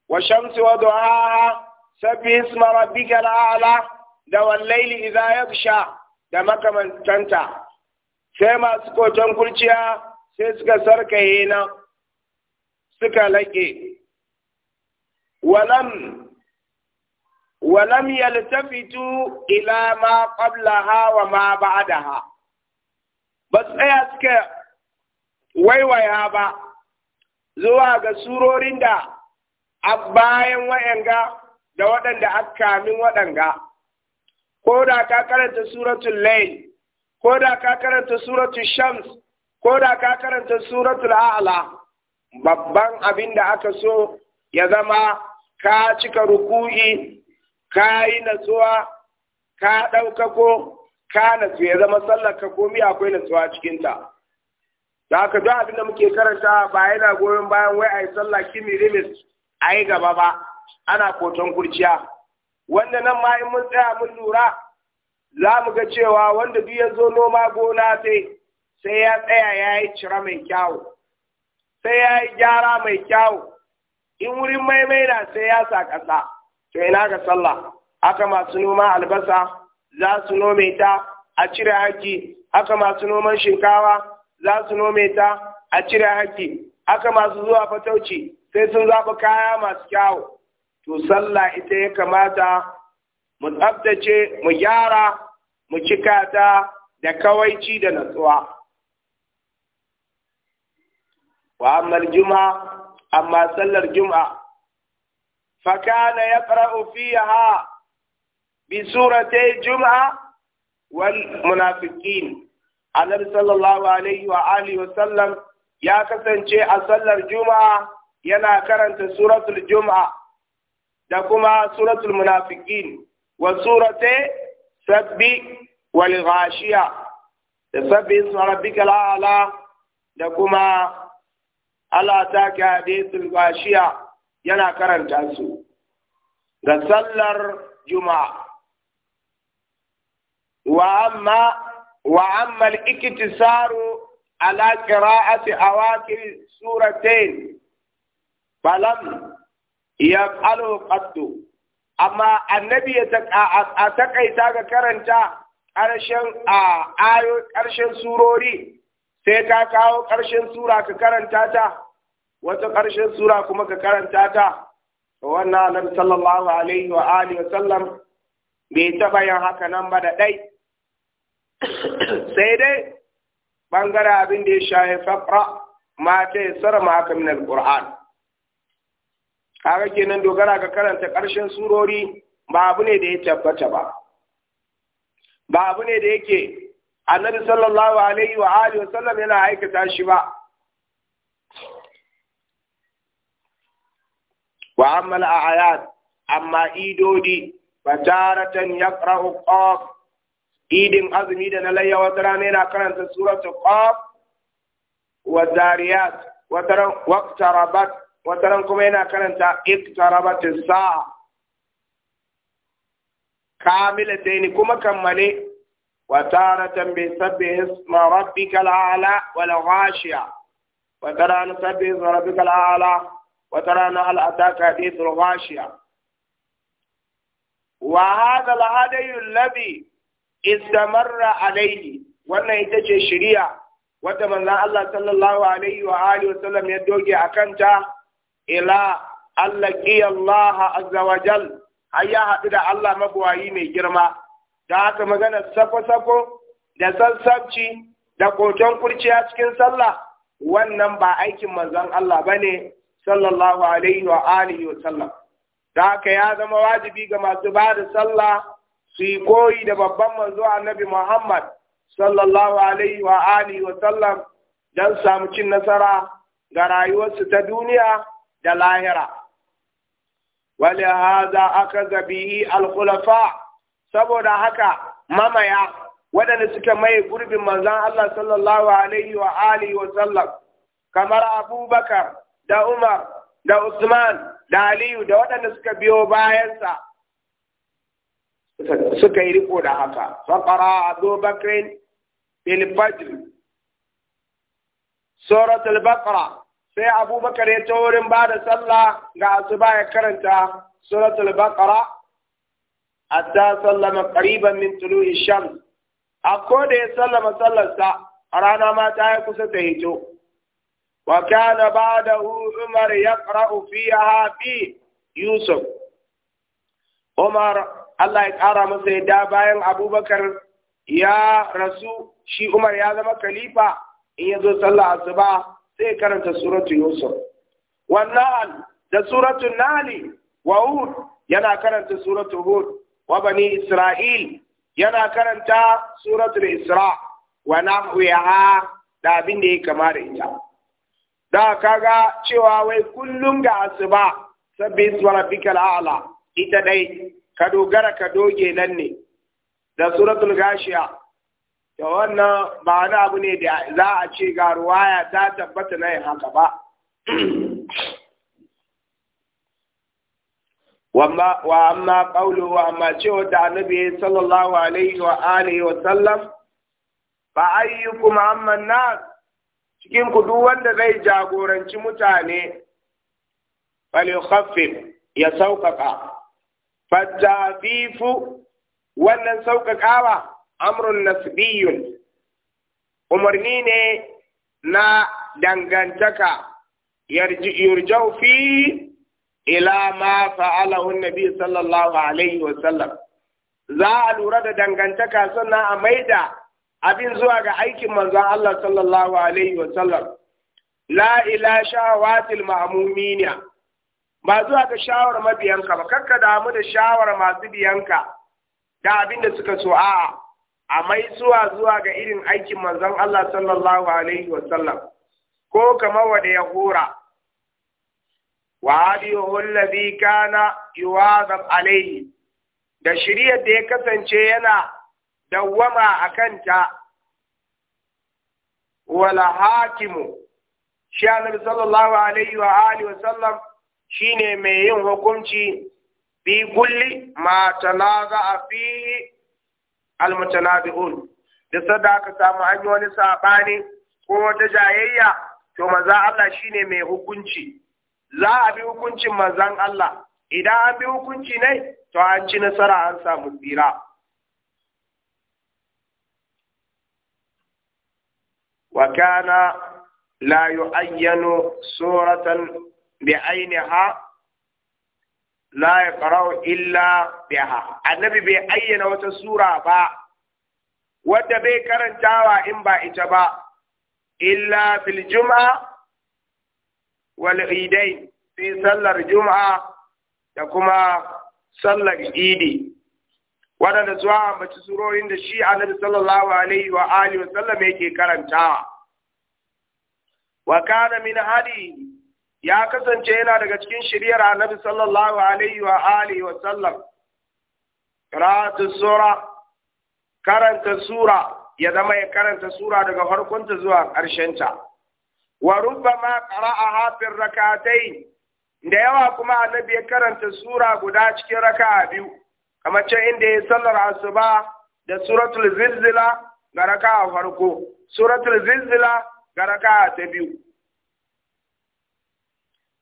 wa shamsi wa duhaha sabbi isma rabbika ala da wallaili idza Sha da makamantanta sai masu koton kurciya sai suka sarkaye na suka laƙe walam walam yaltafitu ila ma qablaha wa ma ba'daha ba tsaya suka waiwaya ba zuwa ga surorin da a bayan waɗanga da waɗanda aka kamin waɗanga ko da ka karanta suratun layl ko da ka karanta suratu shams ko da ka karanta suratul a'la babban abin da aka so ya zama ka cika ruku'i ka yi natsuwa ka ɗaukako ka natsu ya zama sallar ka komi akwai natsuwa cikin ta da aka duk abin da muke karanta ba yana goyon bayan wai a yi sallah kimi rimis a yi gaba ba ana koton kurciya wanda nan ma in mun tsaya mun lura za mu ga cewa wanda duk ya zo noma gona sai sai ya tsaya ya yi cira mai kyawu sai ya yi gyara mai kyawu in wurin maimaina sai ya sa ƙasa to ina ga sallah haka masu noma albasa za su nome ta a cire haki haka masu noman shinkawa za su nome ta a cire haki haka masu zuwa fatauci sai sun zaɓi kaya masu kyawu to sallah ita ya kamata mu tsabtace mu gyara mu cika ta da kawaici da natsuwa wa ammal juma amma sallar juma fa kana yaqra'u fiha bi suratay jum'a. wal munafiqin annabi sallallahu alaihi wa alihi wa sallam ya kasance a sallar juma'a yana karanta suratul jum'a, da kuma suratul munafiqin wa surate sabbi wal ghashiya da sabbi isma rabbikal ala da kuma Allah ta ki hadisul ghashiya yana karanta su da sallar juma'a wa amma wa amma al-iktisaru ala qira'ati awakir suratayn falam yaf'alu amma annabi ya a takaita ga karanta ƙarshen a ayo ƙarshen surori sai ka kawo ƙarshen sura ka karanta ta wata ƙarshen sura kuma ka karanta ta wannan annabi sallallahu alaihi wa alihi wa sallam bai taɓa yin haka nan ba da dai sai dai bangare abin da ya shafi faqra ma ta yassara ma haka min alquran kaga kenan dogara ga karanta ƙarshen surori ba abu ne da ya tabbata ba ba abu ne da yake annabi sallallahu alaihi wa alihi wa sallam yana aikata shi ba wa a ayat amma idodi fataratan yaqra'u qaf idin azumi da na layya wata rana yana karanta suratul qaf wa zariyat wata ran waqtarabat wataran kuma yana karanta iktarabatis sa'a kamilataini kuma kammale wa taratan bi sabbihi isma rabbikal a'la wal ghashiya wa tarana sabbihi isma rabbikal a'la wa tarana al ataka hadithul ghashiya wa hadha al hadayu alladhi istamarra alayhi wannan ita ce shari'a wata manzon Allah sallallahu alaihi wa alihi wa sallam ya doge akanta ila Allah Allah azza wa jal har ya haɗu da Allah magwayi mai girma da haka magana da sassabci da koton kurciya cikin sallah wannan ba aikin manzon Allah bane sallallahu alaihi wa alihi wa sallam da haka ya zama wajibi ga masu ba da sallah su yi koyi da babban manzo annabi Muhammad sallallahu alaihi wa alihi wa sallam don samu cin nasara ga rayuwarsu ta duniya da lahira wali haza aka zabihi alkhulafa saboda haka mamaya waɗanda suka mai gurbin manzan Allah sallallahu alaihi wa alihi wa sallam kamar abubakar da umar da usman da aliyu da waɗanda suka biyo bayansa suka yi riko da haka faƙara abubakar fil fajr surat baqara sai abubakar ya ta wurin ba da sallah ga asuba ya karanta suratul baqara hatta sallama qariban min tulu'i shams a da ya sallama sallarsa rana ma ta yi kusa ta hito wa kana ba'dahu umar yaqra'u fiha bi yusuf umar Allah ya ƙara masa yadda bayan abubakar ya rasu shi umar ya zama khalifa in ya zo sallah asuba sai karanta suratu yusuf wannan da suratu nali wa hud yana karanta suratu hud wa bani isra'il yana karanta suratul isra wa nahwiha da abin da ya kama da ita da kaga cewa wai kullum ga asuba sabbi rabbikal a'la ita dai ka dogara ka doge nan ne da suratul gashiya Da wannan ba wani abu ne da za a ce ga ruwaya ta tabbata na yin haka ba wa amma ƙaulu wa amma cewa da annabi sallallahu alaihi wa alihi wa sallam Ba ayyukum amma na cikin ku duk wanda zai jagoranci mutane fal ya sauƙaƙa fatafifu wannan sauƙaƙawa amrun nasbiyun umarni ne na dangantaka yurjau fi ila ma fa'alahu nabi sallallahu alaihi wa sallam za a lura da dangantaka sannan a maida abin zuwa ga aikin manzon Allah sallallahu alaihi wa sallam la ila shawatil ma'mumina ba zuwa ga shawar mabiyanka ba kakka damu da shawar masu biyanka da abin da suka so a'a a mai suwa zuwa ga irin aikin manzon Allah sallallahu alaihi sallam ko kamar wanda ya hura wa hadiyu alladhi kana yuwadab alaihi da shiriyar da ya kasance yana dawwama a kanta wala hakimu shi annabi sallallahu alaihi wa alihi wa sallam shine mai yin hukunci bi kulli ma tanaza fi almutanabi'un da sada aka samu an yi wani sabani ko wata jayayya to manzon Allah shine mai hukunci za a bi hukuncin manzon Allah idan an bi hukunci ne to an ci nasara an samu tsira wa kana la yu'ayyanu suratan bi ainiha la farau illa biha annabi bai ayyana wata sura ba wadda bai karantawa in ba ita ba illa fil juma'a wal idai sai sallar juma'a da kuma sallar idi waɗanda zuwa ambaci surorin da shi annabi sallallahu alaihi wa alihi wa sallam yake karantawa wa kana min hadi ya kasance yana daga cikin shiriyar annabi sallallahu alaihi wa alihi wa sallam karatu sura karanta sura ya zama ya karanta sura daga farkonta zuwa ƙarshenta wa rubbama qara'aha fi rak'atayn da yawa kuma annabi ya karanta sura guda cikin raka'a biyu kamar can inda ya sallar asuba da suratul zilzila ga raka'a farko suratul zilzila ga raka'a ta biyu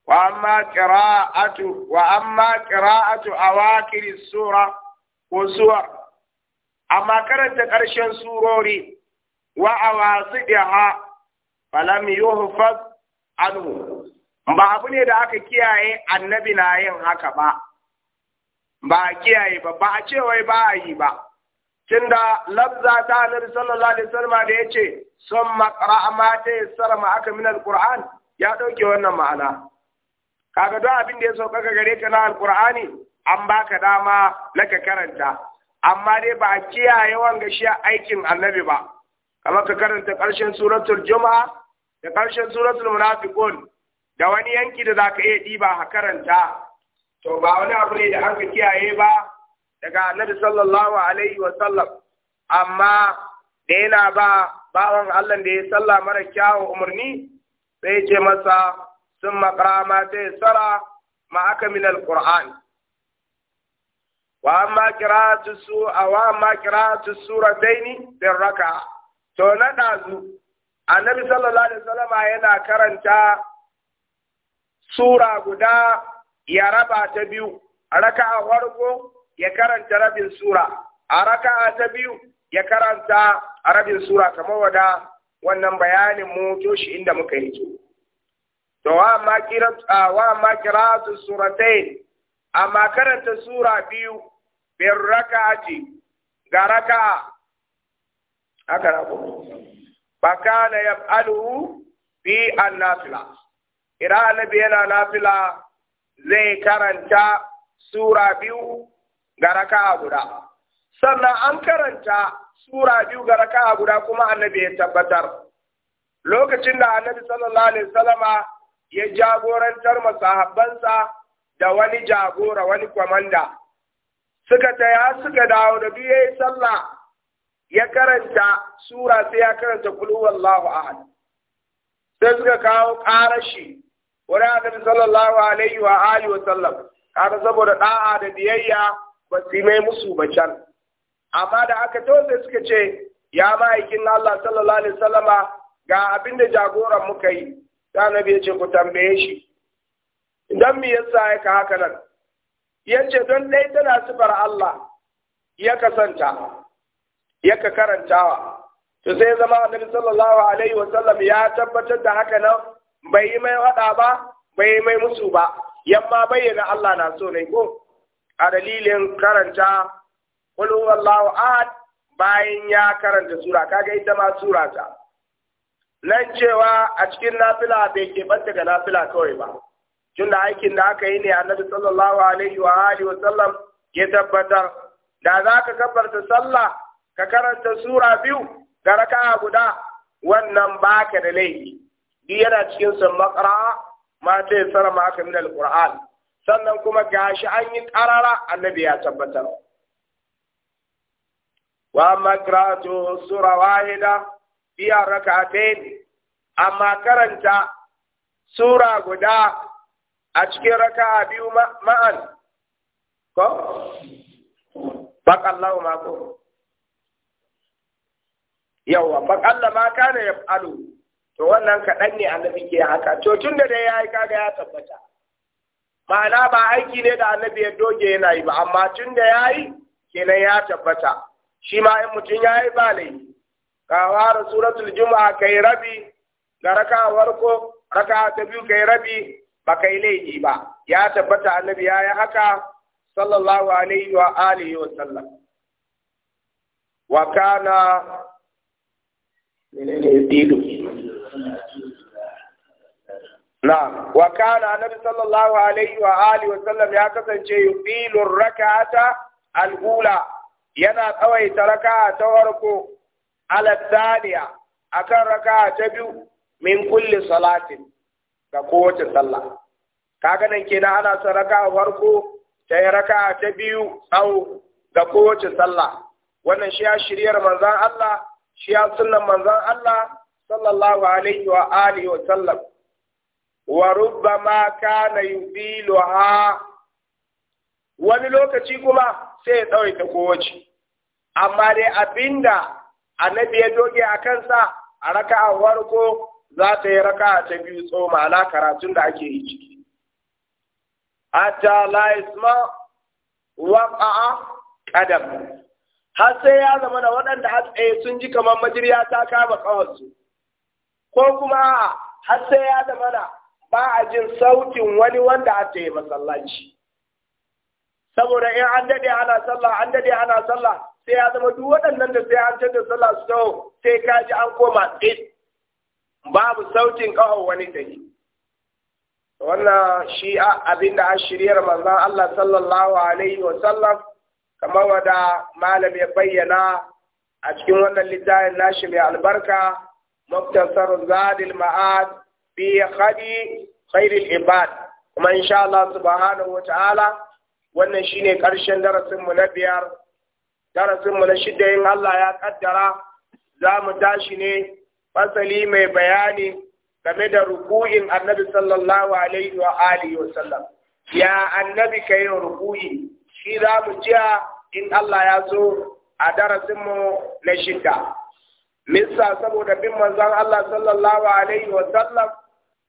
وأما قراءة وأما قراءة أواخر السورة وسور أما كانت قرشن سوروري وأواصدها فلم يحفظ عنه ba abu ne da aka kiyaye annabi na yin haka ba ba a kiyaye ba ba a ce wai ba a yi ba tunda labza ta nabi sallallahu alaihi wasallam da yace summa qara'a ma ta yassara ma aka min alquran ya dauke wannan ma'ana kaga don abin da ya sauka ka gare ka na alkur'ani an baka dama na karanta amma dai ba a kiyaye wanga shi aikin annabi ba kamar ka karanta karshen suratul juma'a da karshen suratul munafiqun da wani yanki da zaka iya diba a karanta to ba wani abu ne da an ka kiyaye ba daga annabi sallallahu alaihi wa sallam amma da yana ba bawan Allah da ya salla mara kyawun umarni sai ce masa sun makara ma ta tsara ma aka mila al Wa ma kira ta su a wa ma kira ta sura dai ni raka. To na ɗazu, annabi sallallahu alaihi yana karanta sura guda ya raba ta biyu, a raka a farko ya karanta rabin sura, a raka a ta biyu ya karanta rabin sura kamar wada. Wannan bayanin mu to inda muka yi to wa ma kirat wa ma kiratu suratayn amma karanta sura biyu bin raka'ati ga raka'a haka na ko bakana yab'aluhu fi an-nafila ira annabi yana nafila zai karanta sura biyu ga raka'a guda sannan an karanta sura biyu ga raka'a guda kuma annabi ya tabbatar lokacin da annabi sallallahu alaihi wasallama ya jagorantar masahabbansa da wani jagora wani kwamanda suka taya suka dawo da biyu sallah ya karanta sura sai ya karanta kulu wallahu ahad sai suka kawo ƙarashi wurin annabi sallallahu alaihi wa alihi wa sallam kada saboda da'a da biyayya ba su mai musu ba can amma da aka to sai suka ce ya ma'aikin Allah sallallahu alaihi wasallama ga abinda jagoran muka yi da annabi ya ce ku tambaye shi idan me yasa ya ka haka nan ya don dai tana sifar Allah ya kasanta ya ka karantawa to sai zama annabi sallallahu alaihi wa sallam ya tabbatar da haka nan bai yi mai wada ba bai yi mai musu ba yamma bayyana Allah na so ne ko a dalilin karanta qul wallahu ahad bayan ya karanta sura kaga ita ma sura ta nan cewa a cikin nafila bai ke banta ga nafila kawai ba tunda aikin da aka yi ne annabi sallallahu alaihi wa alihi wa sallam ya tabbatar da za ka kabarta sallah ka karanta sura biyu ga raka'a guda wannan baka da laifi duk yana cikin sun makara ma ta yi sara ma aka min alquran sannan kuma gashi an yi karara annabi ya tabbatar wa makaratu sura wahida biya ne, amma karanta sura guda a cikin raka biyu ma'an ko Baƙallau ma ko yawa baƙalla ma kana yaf'alu to wannan kaɗan ne annabi ke haka to tun da dai yi kaga ya tabbata ma'ana ba aiki ne da annabi ya doge yana yi ba amma tun da ya yi kenan ya tabbata shi ma in mutum yi ba laifi ka fara suratul juma'a kai rabi ga raka farko raka ta biyu kai rabi ba kai laifi ba ya tabbata annabi ya yi haka sallallahu alaihi wa alihi wa sallam wa kana na wa kana annabi sallallahu alaihi wa alihi wa sallam ya kasance yuqilu rak'ata al-ula yana tsawaita raka'a ta farko ala a kan raka'a ta biyu min kulle salatin ga kowace sallah kaga nan kenan ana son raka'a farko ta yi raka'a ta biyu tsawo ga kowace sallah wannan shi ya shiryar manzan Allah shi ya sunnan manzan Allah sallallahu alaihi wa alihi wa sallam wa rubbama kana yudiluha wani lokaci kuma sai ya tsawaita kowace amma dai abinda annabi ya doge a kansa a raka a warko za ta yi raka'a ta biyu tsoma na karatun da ake yi ciki hatta la isma waqa'a ƙadam. har sai ya zama da waɗanda a tsaye sun ji kamar majiriya ta kama ƙawarsu. ko kuma har sai ya zama da ba a jin sautin wani wanda a yi masallaci saboda in an daɗe ana sallah an dade ana sallah sai ya zama duk waɗannan da sai an canza sallah su tawo sai ka ji an koma tsit babu sautin ƙahon wani da yi. wannan shi abin da an shiryar manzon Allah sallallahu alaihi wa sallam kamar wada malam ya bayyana a cikin wannan littafin nashi mai albarka sarun zadil ma'ad fi khadi khairil ibad kuma insha Allah subhanahu wa ta'ala wannan shine karshen darasin mu na biyar darasin mu na shida in Allah ya kaddara za mu tashi ne fasali mai bayani game da ruku'in annabi sallallahu alaihi wa alihi wa sallam ya annabi kai ruku'i shi za mu ji in Allah ya zo a darasin mu na shida Misa saboda bin manzon Allah sallallahu alaihi wa sallam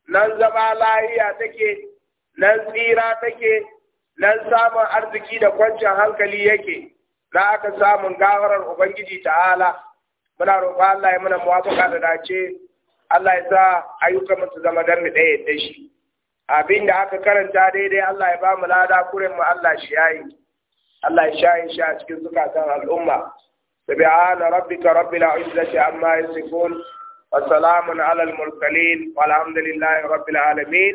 nan zama lahiya take nan tsira take nan samun arziki da kwanci hankali yake na aka samun gawarar ubangiji ta'ala muna roƙon Allah ya muna muwafaka da dace Allah ya sa ayyukan su zama dan ɗaya da shi abin da aka karanta daidai Allah ya ba mu lada kuren mu Allah shi yayi Allah ya shayin shi a cikin zukatan al'umma سبحان ربك رب العزة عما يصفون وسلام على المرسلين والحمد لله رب العالمين